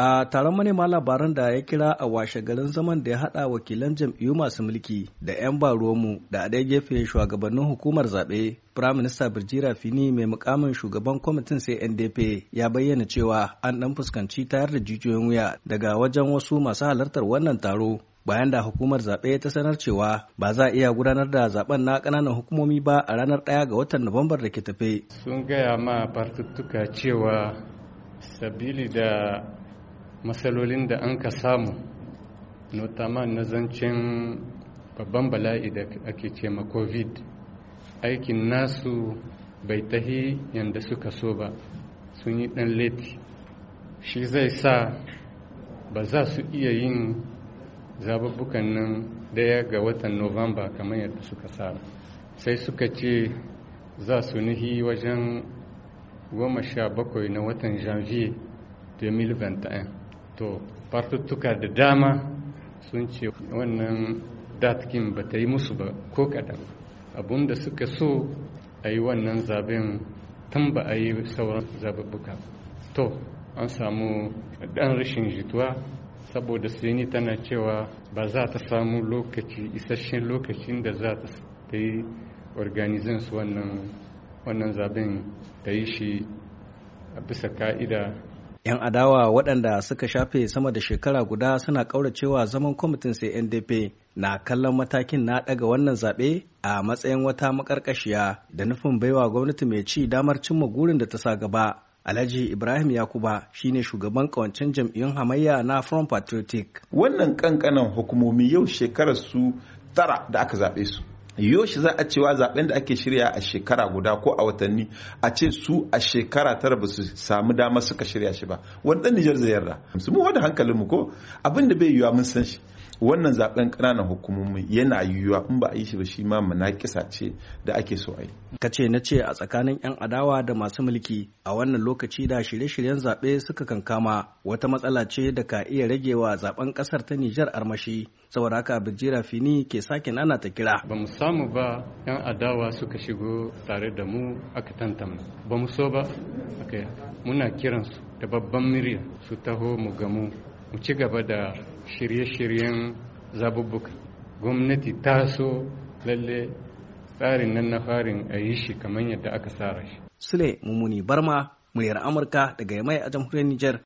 a taron manema labaran da ya kira a washe garin zaman da ya haɗa wakilan jam'iyyu masu mulki da 'yan baruwanmu da a ɗaya gefe shugabannin hukumar zaɓe firayim minista birjira fini mai mukamin shugaban kwamitin sai ndp ya bayyana cewa an ɗan fuskanci tayar da jijiyoyin wuya daga wajen wasu masu halartar wannan taro bayan da hukumar zaɓe ta sanar cewa ba za a iya gudanar da zaben na ƙananan hukumomi ba a ranar ɗaya ga watan nuwambar da ke tafe. sun gaya ma fartuttuka cewa sabili da matsalolin da an ka samu notaman na zancen babban bala'i da ake ce ma covid aikin nasu bai tahi yadda suka so ba sun yi dan leti shi zai sa ba za su iya yin zababbukan nan daya ga watan novamba kamar yadda suka saba sai suka ce za su nihi wajen goma sha bakwai na watan janvier 2021 to fartuttuka da dama sun ce wannan datkin ba ta yi musu ba ko kadan abun da suka so a yi wannan zaben tun ba a yi sauran zababbuka to an samu ɗan rashin jituwa saboda sini tana cewa ba za ta samu lokaci isasshen lokacin da za ta yi organizins wannan zaben ta yi shi a bisa ka'ida 'Yan adawa waɗanda suka shafe sama da shekara guda suna ƙauracewa zaman kwamitin NDP na kallon matakin na ɗaga wannan zaɓe a matsayin wata maƙarƙashiya da nufin baiwa gwamnati mai ci damar cimma gurin da ta sa gaba. Alhaji Ibrahim Yakuba shine shugaban kawancin jam'iyyun hamayya na Front Patriotic. Wannan ƙanƙanan hukumomi yau shekarar su tara da aka zaɓe su. yoshi za a cewa zaɓen da ake shirya a shekara guda ko a watanni a ce su a shekara tara ba su samu dama suka shirya shi ba wani dan Nijar zai yarda su mu wada hankalinmu ko abin da bai yiwa mun san shi wannan zaben ƙananan hukumomi yana yiwuwa in ba a yi shi ba shi ma munakisa ce da ake so a yi Ka ce na ce a tsakanin yan adawa da masu mulki a wannan lokaci da shirye-shiryen zaɓe suka kankama wata matsala ce da ka iya ragewa zaben ƙasar ta Nijar armashi saboda haka Bijira Fini ke sake nana ta kira ba mu samu ba yan adawa suka shigo tare da mu aka tantama ba mu so ba muna kiransu da babban murya su taho mu gamu mu ci gaba da shirye-shiryen zabubbuka gwamnati ta so lalle tsarin nan na farin a yi shi kamar yadda aka tsara shi sule mummuni barma muryar amurka daga yamai a jamhuriyar niger